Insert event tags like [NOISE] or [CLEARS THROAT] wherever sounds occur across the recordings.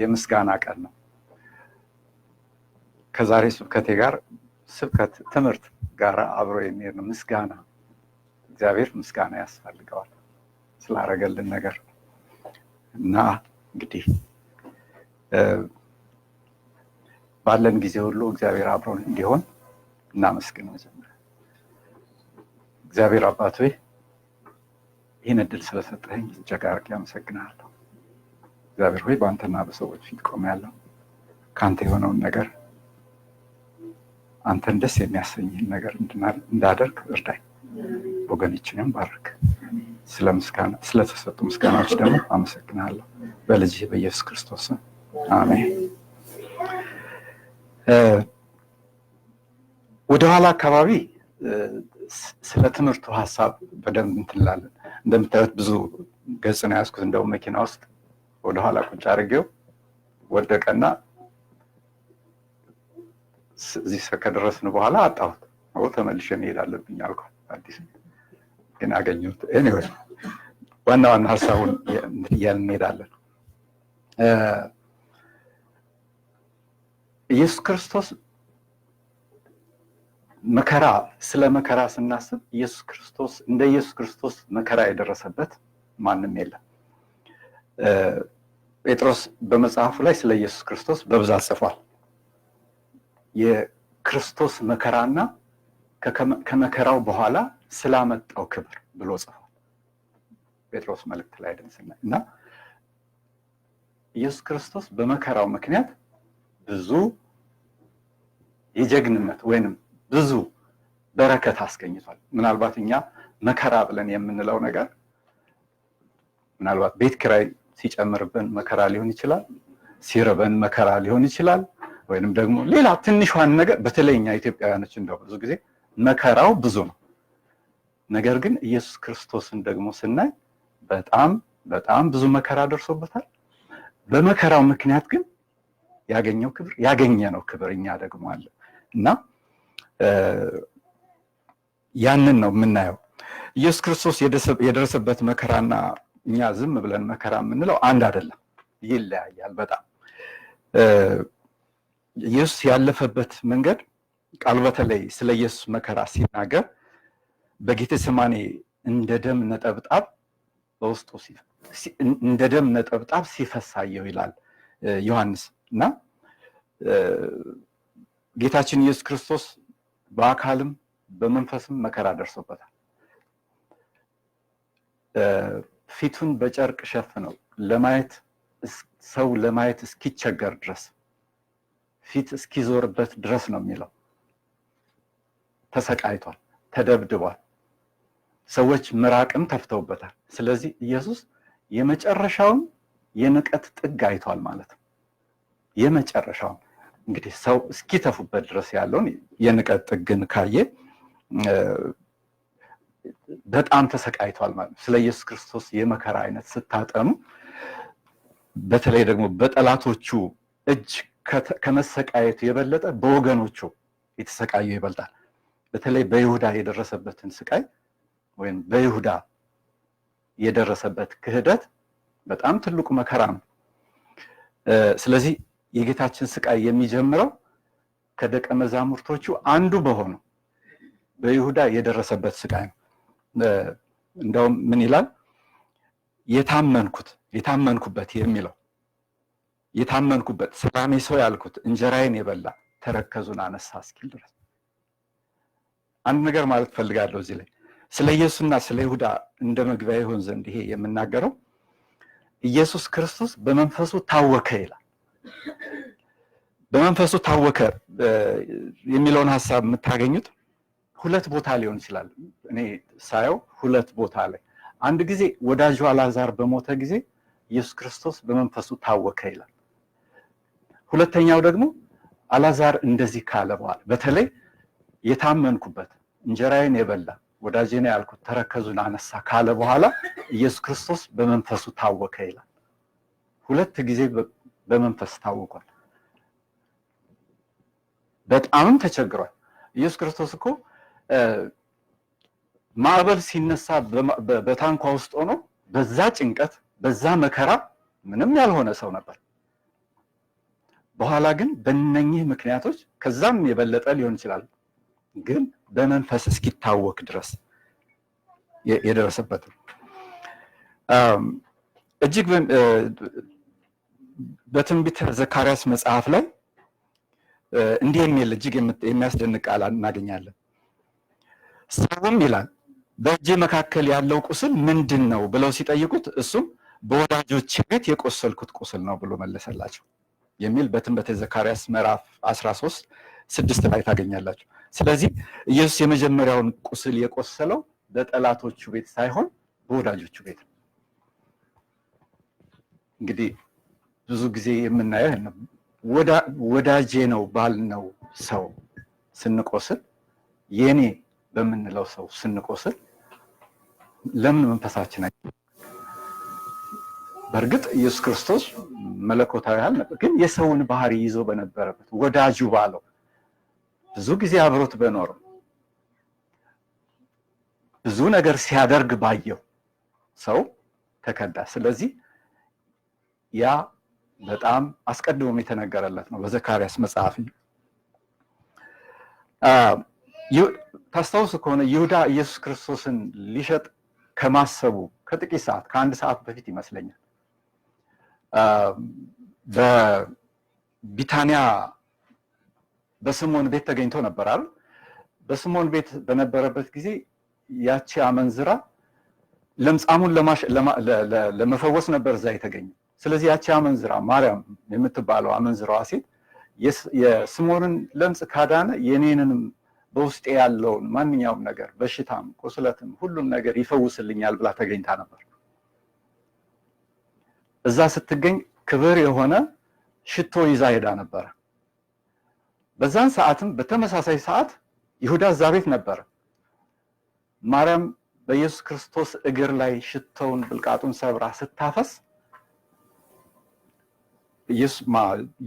የምስጋና ቀን ነው። ከዛሬ ስብከቴ ጋር ስብከት ትምህርት ጋር አብሮ የሚሄድ ነው። ምስጋና እግዚአብሔር ምስጋና ያስፈልገዋል ስላረገልን ነገር እና እንግዲህ ባለን ጊዜ ሁሉ እግዚአብሔር አብሮን እንዲሆን እናመስግን። መጀመሪያ እግዚአብሔር አባት ሆይ ይህን እድል ስለሰጠኝ እጅግ አድርጌ አመሰግናለሁ። እግዚአብሔር ሆይ በአንተና በሰዎች ፊት ቆሜያለሁ። ከአንተ የሆነውን ነገር አንተን ደስ የሚያሰኝህን ነገር እንዳደርግ እርዳኝ፣ ወገኖችንም ባርክ። ስለተሰጡ ምስጋናዎች ደግሞ አመሰግናለሁ። በልጅህ በኢየሱስ ክርስቶስ አሜን። ወደኋላ አካባቢ ስለ ትምህርቱ ሀሳብ በደንብ እንትንላለን። እንደምታዩት ብዙ ገጽ ነው ያዝኩት። እንደውም መኪና ውስጥ ወደ ኋላ ቁጭ አድርጌው ወደቀና እዚህ ከደረስን በኋላ አጣሁት። ተመልሼ መሄድ አለብኝ አልኳት። አዲስ ግን አገኘሁት። ኤኒዌይ ዋና ዋና ሀሳቡን እያልን እንሄዳለን። ኢየሱስ ክርስቶስ መከራ ስለ መከራ ስናስብ ኢየሱስ ክርስቶስ እንደ ኢየሱስ ክርስቶስ መከራ የደረሰበት ማንም የለም። ጴጥሮስ በመጽሐፉ ላይ ስለ ኢየሱስ ክርስቶስ በብዛት ጽፏል። የክርስቶስ መከራና ከመከራው በኋላ ስላመጣው ክብር ብሎ ጽፏል። ጴጥሮስ መልእክት ላይ ደንስና እና ኢየሱስ ክርስቶስ በመከራው ምክንያት ብዙ የጀግንነት ወይንም ብዙ በረከት አስገኝቷል። ምናልባት እኛ መከራ ብለን የምንለው ነገር ምናልባት ቤት ኪራይ ሲጨምርብን መከራ ሊሆን ይችላል፣ ሲርበን መከራ ሊሆን ይችላል። ወይንም ደግሞ ሌላ ትንሿን ነገር በተለይኛ ኢትዮጵያውያኖች እንደው ብዙ ጊዜ መከራው ብዙ ነው። ነገር ግን ኢየሱስ ክርስቶስን ደግሞ ስናይ በጣም በጣም ብዙ መከራ ደርሶበታል። በመከራው ምክንያት ግን ያገኘው ክብር ያገኘ ነው ክብር እኛ ደግሞ አለ እና ያንን ነው የምናየው። ኢየሱስ ክርስቶስ የደረሰበት መከራና እኛ ዝም ብለን መከራ የምንለው አንድ አይደለም፣ ይለያያል በጣም ኢየሱስ ያለፈበት መንገድ ቃል በተለይ ስለ ኢየሱስ መከራ ሲናገር በጌቴሰማኔ እንደ ደም ነጠብጣብ በውስጡ እንደ ደም ነጠብጣብ ሲፈሳየው ይላል ዮሐንስ እና ጌታችን ኢየሱስ ክርስቶስ በአካልም በመንፈስም መከራ ደርሶበታል። ፊቱን በጨርቅ ሸፍነው ለማየት ሰው ለማየት እስኪቸገር ድረስ ፊት እስኪዞርበት ድረስ ነው የሚለው። ተሰቃይቷል፣ ተደብድቧል፣ ሰዎች ምራቅም ተፍተውበታል። ስለዚህ ኢየሱስ የመጨረሻውን የንቀት ጥግ አይቷል ማለት ነው። የመጨረሻውን እንግዲህ ሰው እስኪተፉበት ድረስ ያለውን የንቀት ጥግን ካየ በጣም ተሰቃይቷል ማለት ነው። ስለ ኢየሱስ ክርስቶስ የመከራ አይነት ስታጠኑ በተለይ ደግሞ በጠላቶቹ እጅ ከመሰቃየቱ የበለጠ በወገኖቹ የተሰቃዩ ይበልጣል። በተለይ በይሁዳ የደረሰበትን ስቃይ ወይም በይሁዳ የደረሰበት ክህደት በጣም ትልቁ መከራ ነው። ስለዚህ የጌታችን ስቃይ የሚጀምረው ከደቀ መዛሙርቶቹ አንዱ በሆነው በይሁዳ የደረሰበት ስቃይ ነው። እንደውም ምን ይላል የታመንኩት የታመንኩበት የሚለው የታመንኩበት ሰላሜ ሰው ያልኩት እንጀራዬን የበላ ተረከዙን አነሳ እስኪል ድረስ አንድ ነገር ማለት ፈልጋለሁ እዚህ ላይ ስለ ኢየሱስና ስለ ይሁዳ እንደ መግቢያ ይሆን ዘንድ ይሄ የምናገረው ኢየሱስ ክርስቶስ በመንፈሱ ታወከ ይላል። በመንፈሱ ታወከ የሚለውን ሀሳብ የምታገኙት ሁለት ቦታ ሊሆን ይችላል። እኔ ሳየው ሁለት ቦታ ላይ አንድ ጊዜ ወዳጁ አላዛር በሞተ ጊዜ ኢየሱስ ክርስቶስ በመንፈሱ ታወከ ይላል። ሁለተኛው ደግሞ አላዛር እንደዚህ ካለ በኋላ በተለይ የታመንኩበት እንጀራዬን የበላ ወዳጄ ነው ያልኩት ተረከዙን አነሳ ካለ በኋላ ኢየሱስ ክርስቶስ በመንፈሱ ታወከ ይላል። ሁለት ጊዜ በመንፈስ ታወቋል። በጣምም ተቸግሯል። ኢየሱስ ክርስቶስ እኮ ማዕበል ሲነሳ በታንኳ ውስጥ ሆኖ በዛ ጭንቀት በዛ መከራ ምንም ያልሆነ ሰው ነበር። በኋላ ግን በእነኚህ ምክንያቶች ከዛም የበለጠ ሊሆን ይችላል፣ ግን በመንፈስ እስኪታወክ ድረስ የደረሰበት እጅግ በትንቢት ዘካርያስ መጽሐፍ ላይ እንዲህ የሚል እጅግ የሚያስደንቅ ቃል እናገኛለን። ሰውም ይላል በእጅ መካከል ያለው ቁስል ምንድን ነው ብለው ሲጠይቁት እሱም በወዳጆች ቤት የቆሰልኩት ቁስል ነው ብሎ መለሰላቸው የሚል በትንቢተ ዘካርያስ ምዕራፍ 13 ስድስት ላይ ታገኛላችሁ። ስለዚህ ኢየሱስ የመጀመሪያውን ቁስል የቆሰለው በጠላቶቹ ቤት ሳይሆን በወዳጆቹ ቤት ነው። እንግዲህ ብዙ ጊዜ የምናየው ወዳጄ ነው ባልነው ሰው ስንቆስል የኔ በምንለው ሰው ስንቆስል ለምን መንፈሳችን አይ በእርግጥ ኢየሱስ ክርስቶስ መለኮታዊ ያህል ነበር፣ ግን የሰውን ባህሪ ይዞ በነበረበት ወዳጁ ባለው ብዙ ጊዜ አብሮት በኖርም ብዙ ነገር ሲያደርግ ባየው ሰው ተከዳ። ስለዚህ ያ በጣም አስቀድሞም የተነገረለት ነው በዘካርያስ መጽሐፍ ታስታውስ ከሆነ ይሁዳ ኢየሱስ ክርስቶስን ሊሸጥ ከማሰቡ ከጥቂት ሰዓት ከአንድ ሰዓት በፊት ይመስለኛል በቢታንያ በስምዖን ቤት ተገኝቶ ነበራል። በስሞን በስምዖን ቤት በነበረበት ጊዜ ያቺ አመንዝራ ለምጻሙን ለመፈወስ ነበር እዛ የተገኘ። ስለዚህ ያቺ አመንዝራ ማርያም የምትባለው አመንዝራዋ ሴት የስምዖንን ለምጽ ካዳነ የኔንንም በውስጤ ያለውን ማንኛውም ነገር በሽታም፣ ቁስለትም ሁሉም ነገር ይፈውስልኛል ብላ ተገኝታ ነበር። እዛ ስትገኝ ክብር የሆነ ሽቶ ይዛ ሄዳ ነበረ። በዛን ሰዓትም በተመሳሳይ ሰዓት ይሁዳ እዛ ቤት ነበረ። ማርያም በኢየሱስ ክርስቶስ እግር ላይ ሽቶውን ብልቃጡን ሰብራ ስታፈስ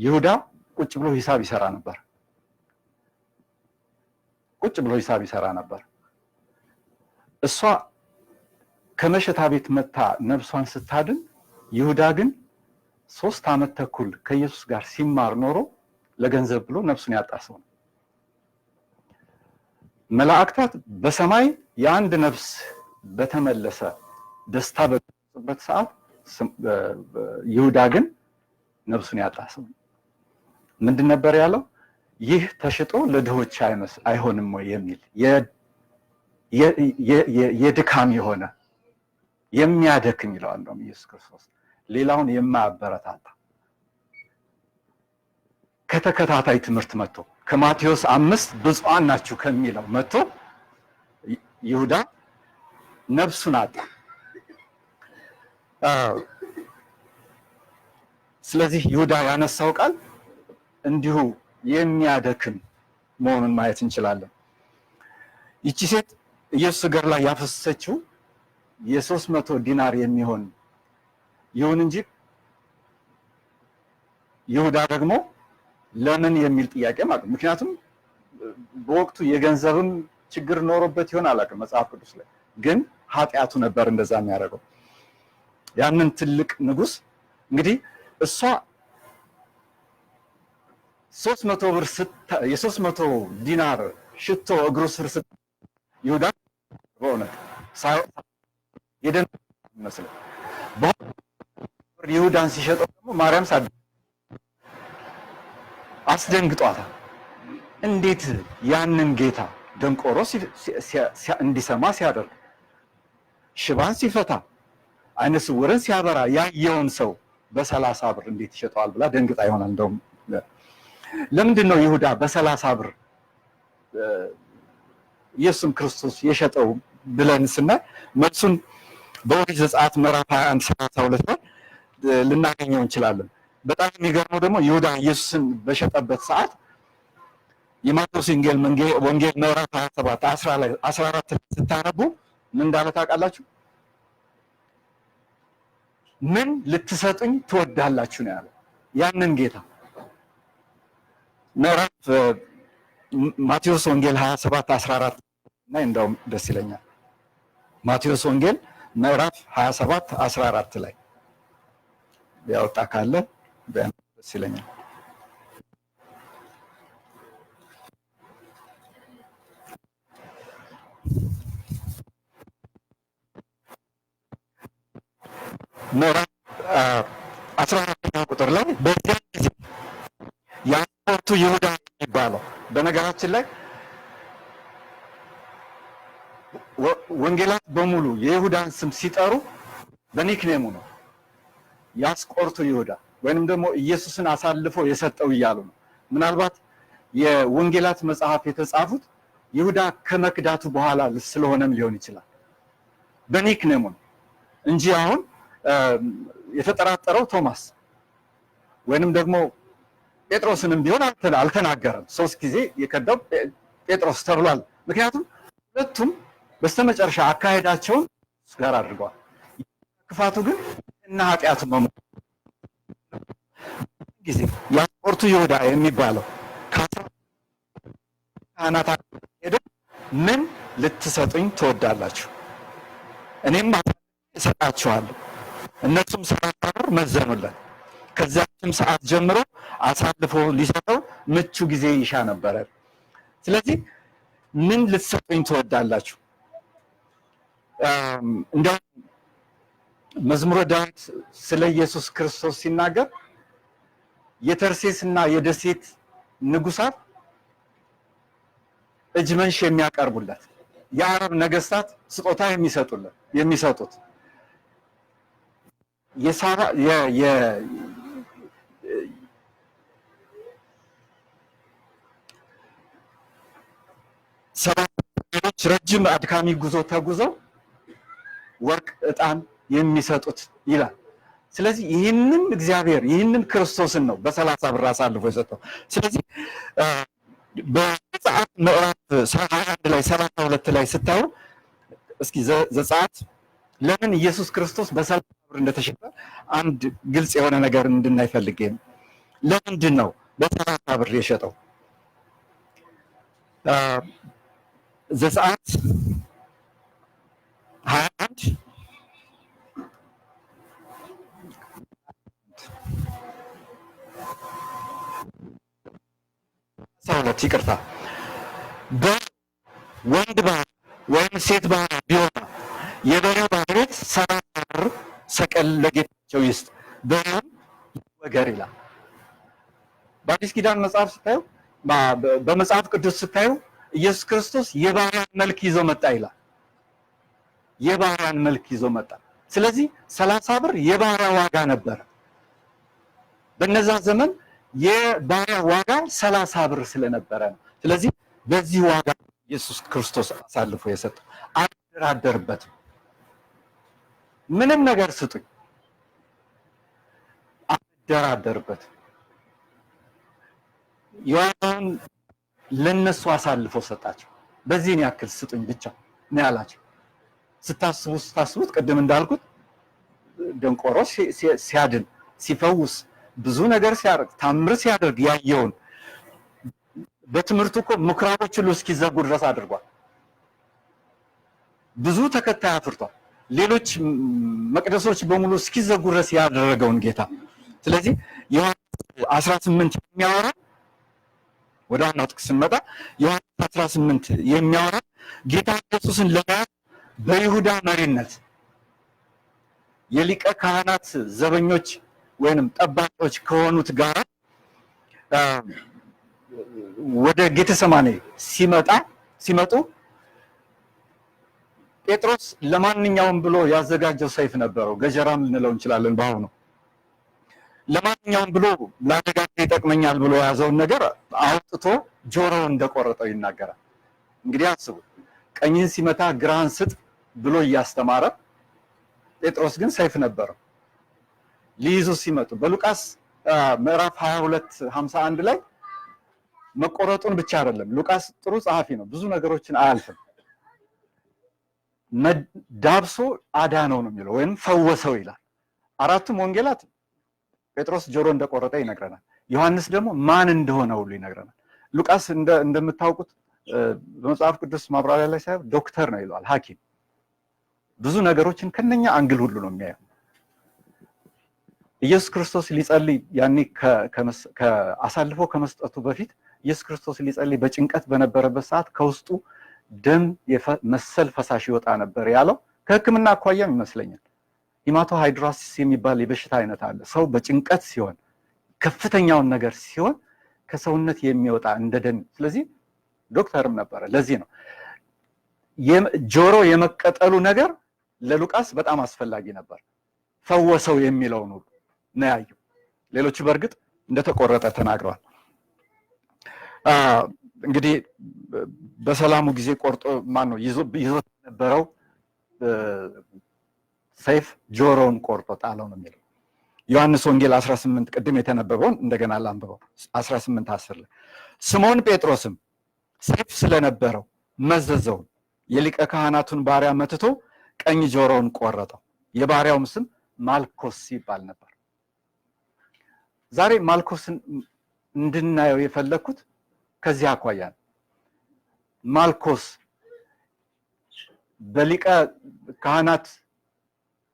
ይሁዳ ቁጭ ብሎ ሂሳብ ይሰራ ነበር። ቁጭ ብሎ ሂሳብ ይሰራ ነበር። እሷ ከመሸታ ቤት መታ ነፍሷን ስታድን፣ ይሁዳ ግን ሶስት ዓመት ተኩል ከኢየሱስ ጋር ሲማር ኖሮ ለገንዘብ ብሎ ነፍሱን ያጣ ሰው ነው። መላእክታት በሰማይ የአንድ ነፍስ በተመለሰ ደስታ በበት ሰዓት ይሁዳ ግን ነፍሱን ያጣ ሰው ምንድን ነበር ያለው? ይህ ተሽጦ ለድሆች አይሆንም ወይ የሚል የድካም የሆነ የሚያደክም ይለዋል ነው ኢየሱስ ክርስቶስ ሌላውን የማያበረታታ ከተከታታይ ትምህርት መጥቶ ከማቴዎስ አምስት ብፁዓን ናችሁ ከሚለው መጥቶ ይሁዳ ነፍሱን አጣ። ስለዚህ ይሁዳ ያነሳው ቃል እንዲሁ የሚያደክም መሆኑን ማየት እንችላለን። ይቺ ሴት ኢየሱስ እግር ላይ ያፈሰሰችው የሶስት መቶ ዲናር የሚሆን ይሁን እንጂ ይሁዳ ደግሞ ለምን የሚል ጥያቄ ማለት ነው። ምክንያቱም በወቅቱ የገንዘብም ችግር ኖሮበት ይሆን አላውቅም፣ መጽሐፍ ቅዱስ ላይ ግን ኃጢአቱ ነበር እንደዛ የሚያደርገው ያንን ትልቅ ንጉስ እንግዲህ እሷ ሶስት መቶ ብር የሶስት መቶ ዲናር ሽቶ እግሩ ስር ስ ይሁዳ በእውነት የደን ይሁዳን ሲሸጠው ደግሞ ማርያም ሳ አስደንግጧታ እንዴት ያንን ጌታ ደንቆሮ እንዲሰማ ሲያደርግ፣ ሽባን ሲፈታ፣ አይነ ስውርን ሲያበራ ያየውን ሰው በሰላሳ ብር እንዴት ይሸጠዋል ብላ ደንግጣ ይሆናል እንደውም ለምንድን ነው ይሁዳ በሰላሳ ብር ኢየሱስ ክርስቶስ የሸጠው ብለን ስናይ መልሱን በኦሪት ዘጸአት ምዕራፍ 21 32 ላይ ልናገኘው እንችላለን። በጣም የሚገርመው ደግሞ ይሁዳ ኢየሱስን በሸጠበት ሰዓት የማቴዎስ ወንጌል ወንጌል ምዕራፍ 27 14 ላይ ስታነቡ ምን እንዳለ ታውቃላችሁ? ምን ልትሰጡኝ ትወዳላችሁ ነው ያለው ያንን ጌታ ምዕራፍ ማቴዎስ ወንጌል 27 14 እና እንደውም ደስ ይለኛል ማቴዎስ ወንጌል ምዕራፍ 27 14 ላይ ያወጣ ካለ ደስ ይለኛል። ምዕራፍ 14 ቁጥር ላይ በዚያ ጊዜ ያ ቱ ይሁዳ የሚባለው በነገራችን ላይ ወንጌላት በሙሉ የይሁዳን ስም ሲጠሩ በኒክኔሙ ነው። ያስቆርቱ ይሁዳ ወይንም ደግሞ ኢየሱስን አሳልፎ የሰጠው እያሉ ነው። ምናልባት የወንጌላት መጽሐፍ የተጻፉት ይሁዳ ከመክዳቱ በኋላ ስለሆነም ሊሆን ይችላል። በኒክኔሙ ነው እንጂ አሁን የተጠራጠረው ቶማስ ወይንም ደግሞ ጴጥሮስንም ቢሆን አልተናገረም። ሶስት ጊዜ የከዳው ጴጥሮስ ተብሏል። ምክንያቱም ሁለቱም በስተመጨረሻ አካሄዳቸውን ጋር አድርገዋል። ክፋቱ ግን እና ኃጢአቱ መሞ ጊዜ የአስቆሮቱ ይሁዳ የሚባለው ካህናት ሄደ ምን ልትሰጡኝ ትወዳላችሁ? እኔም እሰጣችኋለሁ። እነሱም ሰባት መዘኑለን መዘኑለት። ከዛችም ሰዓት ጀምሮ አሳልፎ ሊሰጠው ምቹ ጊዜ ይሻ ነበረ። ስለዚህ ምን ልትሰጡኝ ትወዳላችሁ? እንዲያውም መዝሙረ ዳዊት ስለ ኢየሱስ ክርስቶስ ሲናገር የተርሴስ እና የደሴት ንጉሳት እጅ መንሽ የሚያቀርቡለት የአረብ ነገስታት ስጦታ የሚሰጡለት የሚሰጡት ሰባት ረጅም አድካሚ ጉዞ ተጉዘው ወርቅ ዕጣን የሚሰጡት ይላል። ስለዚህ ይህንን እግዚአብሔር ይህንን ክርስቶስን ነው በሰላሳ ብር አሳልፎ የሰጠው። ስለዚህ በዘጸአት ምዕራፍ ሀያ አንድ ላይ ሰላሳ ሁለት ላይ ስታዩ እስኪ ዘጸአት ለምን ኢየሱስ ክርስቶስ በሰላሳ ብር እንደተሸጠ አንድ ግልጽ የሆነ ነገር እንድናይፈልግ ለምንድን ነው በሰላሳ ብር የሸጠው? ዘጸአት 21 ሰውነት ይቅርታ በወንድ ባህር ወይም ሴት ባህር ቢሆን የበሬው ባለቤት ሰባት ብር ሰቀል ለጌታቸው ይስጥ፣ በሬውም ይወገር ይላል። በአዲስ ኪዳን መጽሐፍ ስታዩ፣ በመጽሐፍ ቅዱስ ስታዩ ኢየሱስ ክርስቶስ የባሪያን መልክ ይዞ መጣ ይላል። የባሪያን መልክ ይዞ መጣ። ስለዚህ ሰላሳ ብር የባሪያ ዋጋ ነበረ። በነዛ ዘመን የባሪያ ዋጋ ሰላሳ ብር ስለነበረ ነው። ስለዚህ በዚህ ዋጋ ኢየሱስ ክርስቶስ አሳልፎ የሰጠው አልደራደርበትም። ምንም ነገር ስጡኝ አልደራደርበትም። የዋጋውን ለነሱ አሳልፎ ሰጣቸው። በዚህን ያክል ስጡኝ ብቻ ነው ያላቸው። ስታስቡ ስታስቡት ቅድም እንዳልኩት ደንቆሮ ሲያድን ሲፈውስ ብዙ ነገር ሲያደርግ ታምር ሲያደርግ ያየውን በትምህርቱ እኮ ምኩራቦች ሁሉ እስኪዘጉ ድረስ አድርጓል። ብዙ ተከታይ አፍርቷል። ሌሎች መቅደሶች በሙሉ እስኪዘጉ ድረስ ያደረገውን ጌታ ስለዚህ የ18 የሚያወራ ወደ ዋናው ጥቅስ ስንመጣ ዮሐንስ 18 የሚያወራ ጌታ ኢየሱስን ለመያዝ በይሁዳ መሪነት የሊቀ ካህናት ዘበኞች ወይንም ጠባቂዎች ከሆኑት ጋር ወደ ጌተሰማኔ ሲመጣ ሲመጡ ጴጥሮስ ለማንኛውም ብሎ ያዘጋጀው ሰይፍ ነበረው። ገጀራም ልንለው እንችላለን በአሁኑ ለማንኛውም ብሎ ለአደጋ ይጠቅመኛል ብሎ የያዘውን ነገር አውጥቶ ጆሮ እንደቆረጠው ይናገራል። እንግዲህ አስቡ ቀኝህን ሲመታ ግራህን ስጥ ብሎ እያስተማረ ጴጥሮስ ግን ሰይፍ ነበረው። ሊይዙ ሲመጡ በሉቃስ ምዕራፍ 22 51 ላይ መቆረጡን ብቻ አይደለም። ሉቃስ ጥሩ ጸሐፊ ነው፣ ብዙ ነገሮችን አያልፍም። ዳብሶ አዳነው ነው የሚለው ወይም ፈወሰው ይላል። አራቱም ወንጌላት ጴጥሮስ ጆሮ እንደቆረጠ ይነግረናል። ዮሐንስ ደግሞ ማን እንደሆነ ሁሉ ይነግረናል። ሉቃስ እንደምታውቁት በመጽሐፍ ቅዱስ ማብራሪያ ላይ ሳይሆን ዶክተር ነው ይለዋል፣ ሐኪም ብዙ ነገሮችን ከነኛ አንግል ሁሉ ነው የሚያየው። ኢየሱስ ክርስቶስ ሊጸልይ ያኔ አሳልፎ ከመስጠቱ በፊት ኢየሱስ ክርስቶስ ሊጸልይ በጭንቀት በነበረበት ሰዓት ከውስጡ ደም መሰል ፈሳሽ ይወጣ ነበር ያለው ከሕክምና አኳያም ይመስለኛል። ሂማቶ ሃይድራሲስ የሚባል የበሽታ አይነት አለ። ሰው በጭንቀት ሲሆን ከፍተኛውን ነገር ሲሆን ከሰውነት የሚወጣ እንደ ደም። ስለዚህ ዶክተርም ነበረ። ለዚህ ነው ጆሮ የመቀጠሉ ነገር ለሉቃስ በጣም አስፈላጊ ነበር። ፈወሰው የሚለውን ሁሉ ነው ያየው። ሌሎቹ በእርግጥ እንደተቆረጠ ተናግረዋል። እንግዲህ በሰላሙ ጊዜ ቆርጦ ማን ነው ይዞት የነበረው ሰይፍ ጆሮውን ቆርጦ ጣለው ነው የሚለው ዮሐንስ ወንጌል 18 ቅድም የተነበበውን እንደገና ላንብበው። 18 10 ላይ ስምዖን ጴጥሮስም ሰይፍ ስለነበረው መዘዘውን የሊቀ ካህናቱን ባሪያ መትቶ ቀኝ ጆሮውን ቆረጠው። የባሪያውም ስም ማልኮስ ይባል ነበር። ዛሬ ማልኮስን እንድናየው የፈለግኩት ከዚህ አኳያ ነው። ማልኮስ በሊቀ ካህናት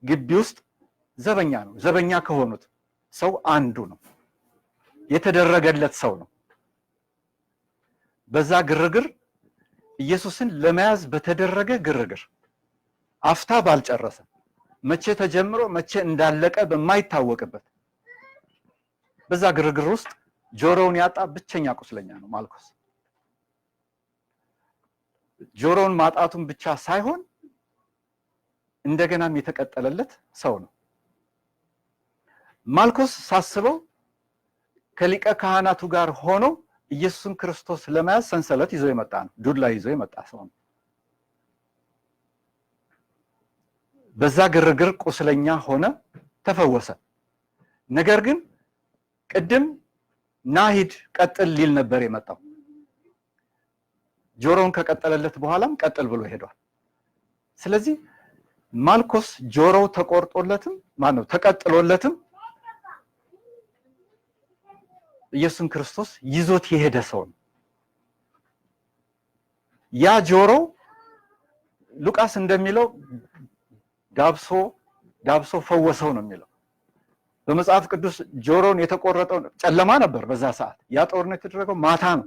ግቢ ውስጥ ዘበኛ ነው። ዘበኛ ከሆኑት ሰው አንዱ ነው። የተደረገለት ሰው ነው። በዛ ግርግር ኢየሱስን ለመያዝ በተደረገ ግርግር አፍታ ባልጨረሰ መቼ ተጀምሮ መቼ እንዳለቀ በማይታወቅበት በዛ ግርግር ውስጥ ጆሮውን ያጣ ብቸኛ ቁስለኛ ነው ማልኮስ። ጆሮውን ማጣቱን ብቻ ሳይሆን እንደገናም የተቀጠለለት ሰው ነው። ማልኮስ ሳስበው ከሊቀ ካህናቱ ጋር ሆኖ ኢየሱስን ክርስቶስ ለመያዝ ሰንሰለት ይዞ የመጣ ነው። ዱላ ይዞ የመጣ ሰው ነው። በዛ ግርግር ቁስለኛ ሆነ፣ ተፈወሰ። ነገር ግን ቅድም ናሂድ ቀጥል ሊል ነበር የመጣው። ጆሮውን ከቀጠለለት በኋላም ቀጥል ብሎ ሄዷል። ስለዚህ ማልኮስ ጆሮው ተቆርጦለትም ማነው ተቀጥሎለትም ኢየሱስን ክርስቶስ ይዞት የሄደ ሰው ነው። ያ ጆሮ ሉቃስ እንደሚለው ዳብሶ ዳብሶ ፈወሰው ነው የሚለው። በመጽሐፍ ቅዱስ ጆሮውን የተቆረጠው ጨለማ ነበር በዛ ሰዓት። ያ ጦርነት የተደረገው ማታ ነው።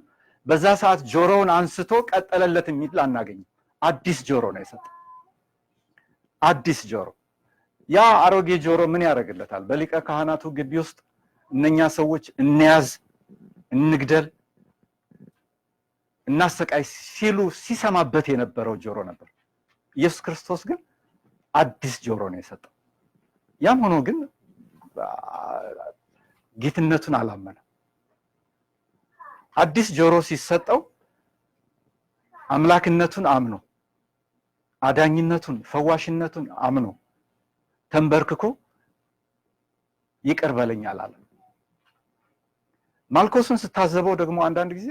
በዛ ሰዓት ጆሮውን አንስቶ ቀጠለለት የሚል አናገኝም። አዲስ ጆሮ ነው የሰጠው። አዲስ ጆሮ ያ አሮጌ ጆሮ ምን ያደርግለታል? በሊቀ ካህናቱ ግቢ ውስጥ እነኛ ሰዎች እንያዝ፣ እንግደል፣ እናሰቃይ ሲሉ ሲሰማበት የነበረው ጆሮ ነበር። ኢየሱስ ክርስቶስ ግን አዲስ ጆሮ ነው የሰጠው። ያም ሆኖ ግን ጌትነቱን አላመነም። አዲስ ጆሮ ሲሰጠው አምላክነቱን አምኖ አዳኝነቱን፣ ፈዋሽነቱን አምኖ ተንበርክኮ ይቅር በለኝ ማልኮስን ስታዘበው ደግሞ አንዳንድ ጊዜ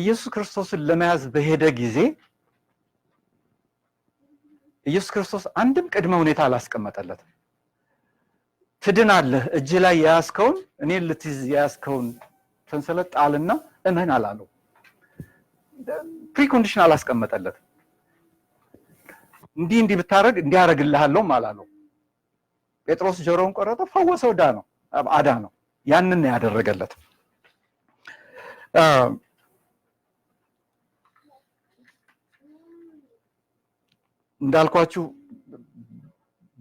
ኢየሱስ ክርስቶስን ለመያዝ በሄደ ጊዜ ኢየሱስ ክርስቶስ አንድም ቅድመ ሁኔታ አላስቀመጠለትም። ትድናለህ፣ እጅ ላይ የያዝከውን እኔን ልትይዝ የያዝከውን ሰንሰለት ጣልና እመን አላለው። ፕሪኮንዲሽን አላስቀመጠለትም። እንዲህ እንዲህ ብታደረግ እንዲያደረግልሃለውም አላለው። ጴጥሮስ ጆሮውን ቆረጠ፣ ፈወሰው፣ ዳ ነው አዳ ነው። ያንን ያደረገለት እንዳልኳችሁ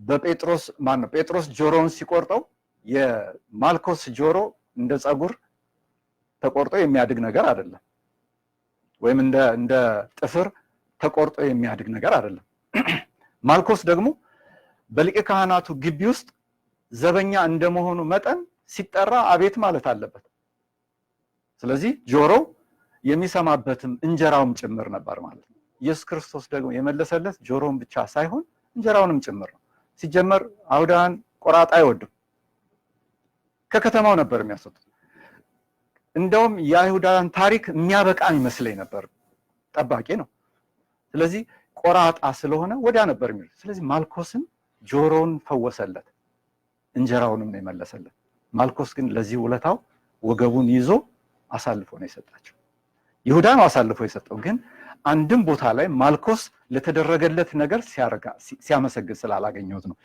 በጴጥሮስ ማን ነው ጴጥሮስ ጆሮውን ሲቆርጠው የማልኮስ ጆሮ እንደ ጸጉር ተቆርጦ የሚያድግ ነገር አይደለም፣ ወይም እንደ ጥፍር ተቆርጦ የሚያድግ ነገር አይደለም። ማልኮስ ደግሞ በሊቀ ካህናቱ ግቢ ውስጥ ዘበኛ እንደመሆኑ መጠን ሲጠራ አቤት ማለት አለበት። ስለዚህ ጆሮው የሚሰማበትም እንጀራውም ጭምር ነበር ማለት ነው። ኢየሱስ ክርስቶስ ደግሞ የመለሰለት ጆሮውን ብቻ ሳይሆን እንጀራውንም ጭምር ነው። ሲጀመር አይሁዳን ቆራጣ አይወድም። ከከተማው ነበር የሚያስወጡት። እንደውም የአይሁዳን ታሪክ የሚያበቃ ይመስለኝ ነበር። ጠባቂ ነው። ስለዚህ ቆራጣ ስለሆነ ወዲያ ነበር የሚሉት። ስለዚህ ማልኮስን ጆሮውን ፈወሰለት፣ እንጀራውንም ነው የመለሰለት። ማልኮስ ግን ለዚህ ውለታው ወገቡን ይዞ አሳልፎ ነው የሰጣቸው። ይሁዳ ነው አሳልፎ የሰጠው። ግን አንድም ቦታ ላይ ማልኮስ ለተደረገለት ነገር ሲያመሰግን ስላላገኘሁት ነው።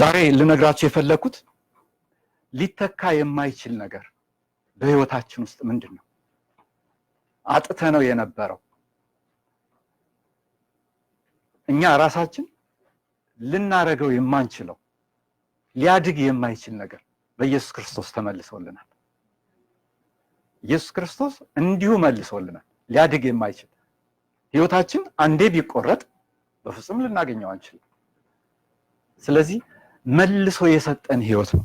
ዛሬ ልነግራችሁ የፈለግኩት ሊተካ የማይችል ነገር በህይወታችን ውስጥ ምንድን ነው አጥተ ነው የነበረው እኛ ራሳችን ልናረገው የማንችለው ሊያድግ የማይችል ነገር በኢየሱስ ክርስቶስ ተመልሶልናል። ኢየሱስ ክርስቶስ እንዲሁ መልሶልናል። ሊያድግ የማይችል ህይወታችን አንዴ ቢቆረጥ በፍጹም ልናገኘው አንችልም። ስለዚህ መልሶ የሰጠን ህይወት ነው።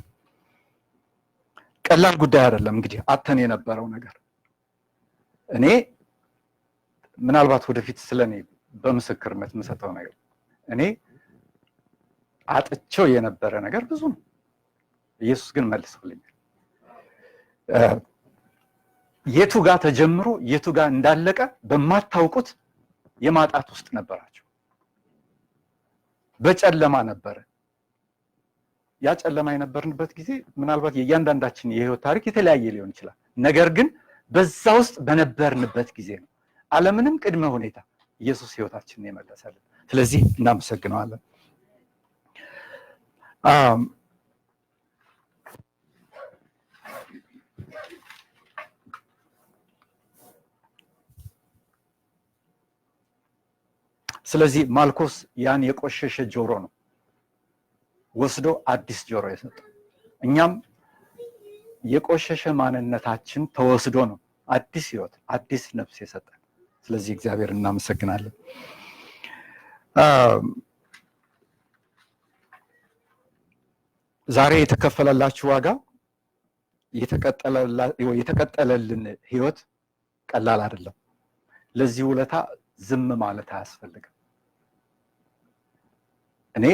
ቀላል ጉዳይ አይደለም። እንግዲህ አተን የነበረው ነገር እኔ ምናልባት ወደፊት ስለኔ በምስክርነት የምሰጠው ነገር እኔ አጥቸው የነበረ ነገር ብዙ ነው። ኢየሱስ ግን መልሰውልኛል። የቱ ጋር ተጀምሮ የቱ ጋር እንዳለቀ በማታውቁት የማጣት ውስጥ ነበራቸው። በጨለማ ነበረ። ያ ጨለማ የነበርንበት ጊዜ ምናልባት የእያንዳንዳችን የህይወት ታሪክ የተለያየ ሊሆን ይችላል። ነገር ግን በዛ ውስጥ በነበርንበት ጊዜ ነው አለምንም ቅድመ ሁኔታ ኢየሱስ ህይወታችንን የመለሰልን። ስለዚህ እናመሰግነዋለን። ስለዚህ ማልኮስ ያን የቆሸሸ ጆሮ ነው ወስዶ አዲስ ጆሮ የሰጠው። እኛም የቆሸሸ ማንነታችን ተወስዶ ነው አዲስ ህይወት አዲስ ነፍስ የሰጠ ስለዚህ እግዚአብሔር እናመሰግናለን። ዛሬ የተከፈለላችሁ ዋጋ የተቀጠለልን ህይወት ቀላል አይደለም። ለዚህ ውለታ ዝም ማለት አያስፈልግም። እኔ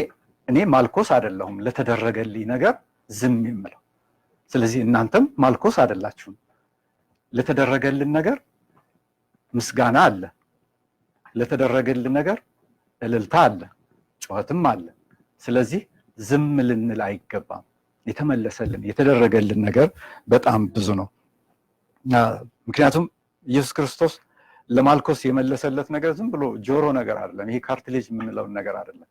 እኔ ማልኮስ አይደለሁም ለተደረገልኝ ነገር ዝም የምለው። ስለዚህ እናንተም ማልኮስ አይደላችሁም ለተደረገልን ነገር ምስጋና አለ፣ ለተደረገልን ነገር እልልታ አለ፣ ጩኸትም አለ። ስለዚህ ዝም ልንል አይገባም። የተመለሰልን የተደረገልን ነገር በጣም ብዙ ነው። ምክንያቱም ኢየሱስ ክርስቶስ ለማልኮስ የመለሰለት ነገር ዝም ብሎ ጆሮ ነገር አይደለም። ይሄ ካርትሌጅ የምንለውን ነገር አይደለም።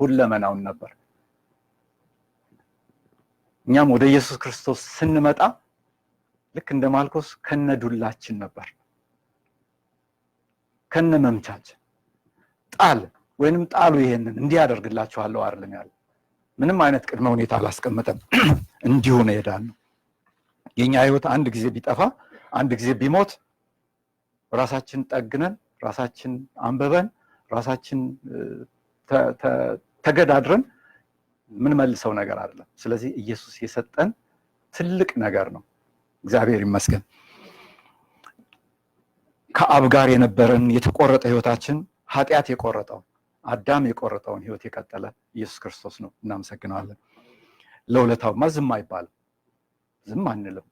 ሁለመናውን ነበር። እኛም ወደ ኢየሱስ ክርስቶስ ስንመጣ ልክ እንደ ማልኮስ ከነዱላችን ነበር። መምቻች ጣል ወይንም ጣሉ ይሄንን እንዲህ ያደርግላችኋለሁ አይደለም ያለ ምንም አይነት ቅድመ ሁኔታ አላስቀመጠም። [CLEARS THROAT] እንዲሁ ነው ነው የኛ ህይወት አንድ ጊዜ ቢጠፋ አንድ ጊዜ ቢሞት ራሳችን ጠግነን ራሳችን አንበበን ራሳችን ተገዳድረን የምንመልሰው ነገር አይደለም። ስለዚህ ኢየሱስ የሰጠን ትልቅ ነገር ነው። እግዚአብሔር ይመስገን። ከአብ ጋር የነበረን የተቆረጠ ህይወታችን ኃጢአት የቆረጠው አዳም የቆረጠውን ህይወት የቀጠለ ኢየሱስ ክርስቶስ ነው። እናመሰግነዋለን። ለውለታውማ ዝም አይባልም፣ ዝም አንልም።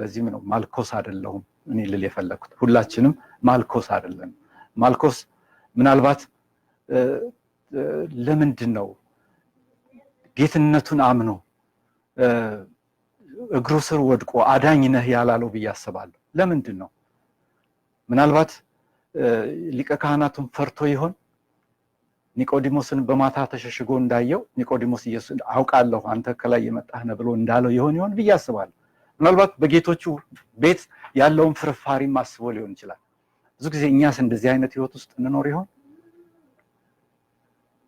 ለዚህም ነው ማልኮስ አይደለሁም እኔ ልል የፈለግኩት። ሁላችንም ማልኮስ አይደለም። ማልኮስ ምናልባት ለምንድን ነው ጌትነቱን አምኖ እግሩ ስር ወድቆ አዳኝ ነህ ያላለው ብዬ አስባለሁ። ለምንድን ነው ምናልባት ሊቀ ካህናቱን ፈርቶ ይሆን ኒቆዲሞስን በማታ ተሸሽጎ እንዳየው ኒቆዲሞስ ኢየሱስ አውቃለሁ አንተ ከላይ የመጣህ ነህ ብሎ እንዳለው ይሆን ይሆን ብዬ አስባለሁ። ምናልባት በጌቶቹ ቤት ያለውን ፍርፋሪም አስቦ ሊሆን ይችላል። ብዙ ጊዜ እኛስ እንደዚህ አይነት ህይወት ውስጥ እንኖር ይሆን?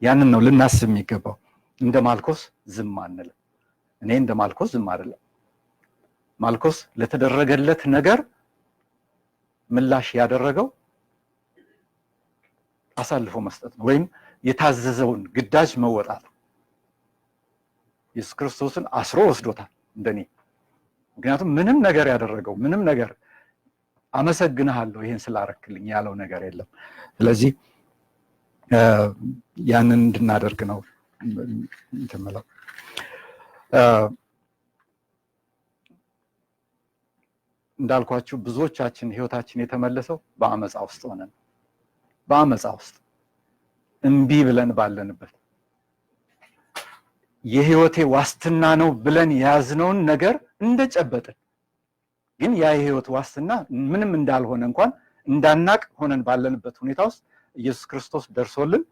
ያንን ነው ልናስብ የሚገባው። እንደ ማልኮስ ዝም አንልም። እኔ እንደ ማልኮስ ዝም አይደለም። ማልኮስ ለተደረገለት ነገር ምላሽ ያደረገው አሳልፎ መስጠት ነው ወይም የታዘዘውን ግዳጅ መወጣት ኢየሱስ ክርስቶስን አስሮ ወስዶታል እንደኔ። ምክንያቱም ምንም ነገር ያደረገው ምንም ነገር አመሰግንሃለሁ ይህን ስላረክልኝ ያለው ነገር የለም። ስለዚህ ያንን እንድናደርግ ነው የምለው። እንዳልኳችሁ ብዙዎቻችን ህይወታችን የተመለሰው በአመፃ ውስጥ ሆነን በአመፃ ውስጥ እምቢ ብለን ባለንበት የህይወቴ ዋስትና ነው ብለን የያዝነውን ነገር እንደጨበጥን ግን ያ የህይወት ዋስትና ምንም እንዳልሆነ እንኳን እንዳናቅ ሆነን ባለንበት ሁኔታ ውስጥ ኢየሱስ ክርስቶስ ደርሶልን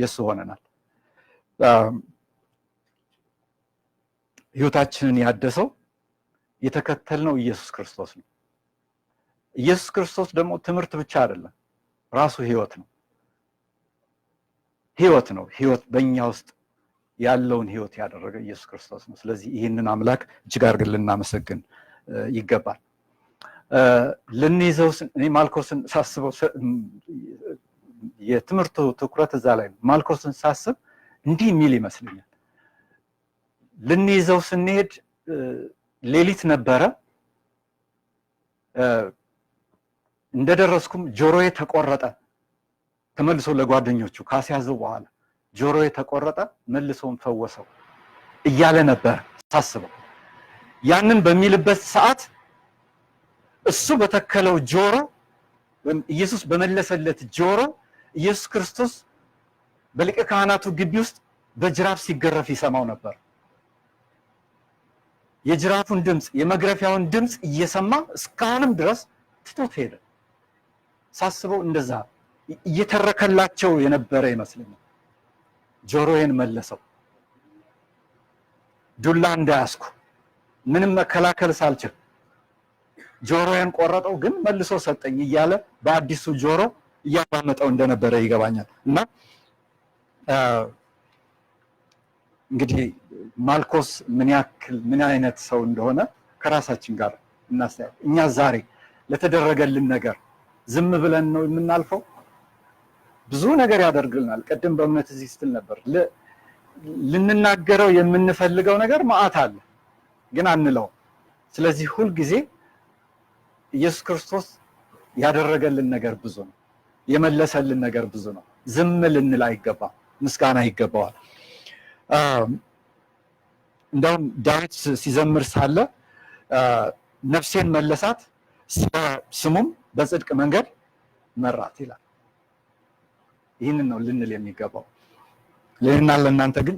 የሱ ሆነናል። ህይወታችንን ያደሰው የተከተልነው ኢየሱስ ክርስቶስ ነው። ኢየሱስ ክርስቶስ ደግሞ ትምህርት ብቻ አይደለም፣ ራሱ ህይወት ነው። ህይወት ነው። ህይወት በእኛ ውስጥ ያለውን ህይወት ያደረገ ኢየሱስ ክርስቶስ ነው። ስለዚህ ይህንን አምላክ እጅግ አድርገን ልናመሰግን ይገባል። ልንይዘው እኔ ማልኮስን ሳስበው የትምህርቱ ትኩረት እዛ ላይ ነው። ማልኮስን ሳስብ እንዲህ የሚል ይመስለኛል። ልንይዘው ስንሄድ ሌሊት ነበረ እንደደረስኩም ጆሮዬ ተቆረጠ። ተመልሶ ለጓደኞቹ ካስያዘው በኋላ ጆሮዬ ተቆረጠ፣ መልሶም ፈወሰው እያለ ነበር ሳስበው። ያንን በሚልበት ሰዓት እሱ በተከለው ጆሮ ኢየሱስ በመለሰለት ጆሮ ኢየሱስ ክርስቶስ በሊቀ ካህናቱ ግቢ ውስጥ በጅራፍ ሲገረፍ ይሰማው ነበር። የጅራፉን ድምፅ፣ የመግረፊያውን ድምፅ እየሰማ እስካሁንም ድረስ ትቶት ሄደ። ሳስበው እንደዛ እየተረከላቸው የነበረ ይመስለኛል። ጆሮዬን መለሰው። ዱላ እንዳያስኩ ምንም መከላከል ሳልችል ጆሮዬን ቆረጠው፣ ግን መልሶ ሰጠኝ እያለ በአዲሱ ጆሮ እያዳመጠው እንደነበረ ይገባኛል። እና እንግዲህ ማልኮስ ምን ያክል ምን አይነት ሰው እንደሆነ ከራሳችን ጋር እናስተያየው። እኛ ዛሬ ለተደረገልን ነገር ዝም ብለን ነው የምናልፈው? ብዙ ነገር ያደርግልናል። ቅድም በእምነት እዚህ ስትል ነበር፣ ልንናገረው የምንፈልገው ነገር መዓት አለ፣ ግን አንለውም። ስለዚህ ሁልጊዜ ኢየሱስ ክርስቶስ ያደረገልን ነገር ብዙ ነው፣ የመለሰልን ነገር ብዙ ነው። ዝም ልንል አይገባም። ምስጋና ይገባዋል። እንደውም ዳዊት ሲዘምር ሳለ ነፍሴን መለሳት ስሙም በጽድቅ መንገድ መራት ይላል። ይህንን ነው ልንል የሚገባው። ለእኔና ለእናንተ ግን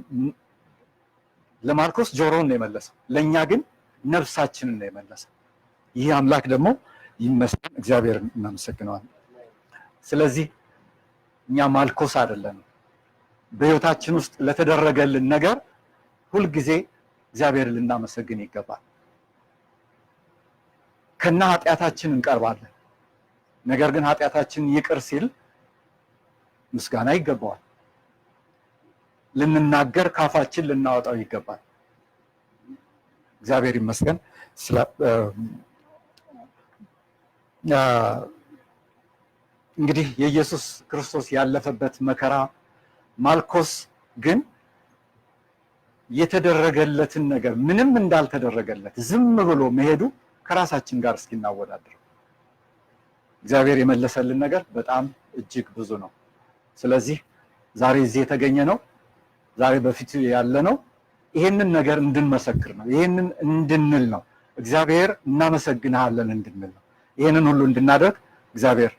ለማርቆስ ጆሮውን ነው የመለሰው፣ ለእኛ ግን ነፍሳችንን ነው የመለሰው። ይህ አምላክ ደግሞ ይመስገን፣ እግዚአብሔር እናመሰግነዋለን። ስለዚህ እኛ ማልኮስ አይደለንም። በህይወታችን ውስጥ ለተደረገልን ነገር ሁልጊዜ እግዚአብሔር ልናመሰግን ይገባል። ከና ኃጢአታችን እንቀርባለን ነገር ግን ኃጢአታችን ይቅር ሲል ምስጋና ይገባዋል። ልንናገር ካፋችን ልናወጣው ይገባል። እግዚአብሔር ይመስገን። እንግዲህ የኢየሱስ ክርስቶስ ያለፈበት መከራ ማልኮስ ግን የተደረገለትን ነገር ምንም እንዳልተደረገለት ዝም ብሎ መሄዱ ከራሳችን ጋር እስኪናወዳድረው እግዚአብሔር የመለሰልን ነገር በጣም እጅግ ብዙ ነው። ስለዚህ ዛሬ እዚህ የተገኘ ነው፣ ዛሬ በፊት ያለ ነው። ይሄንን ነገር እንድንመሰክር ነው፣ ይሄንን እንድንል ነው፣ እግዚአብሔር እናመሰግንሃለን እንድንል ነው። ይሄንን ሁሉ እንድናደርግ እግዚአብሔር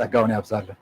ጸጋውን ያብዛለን።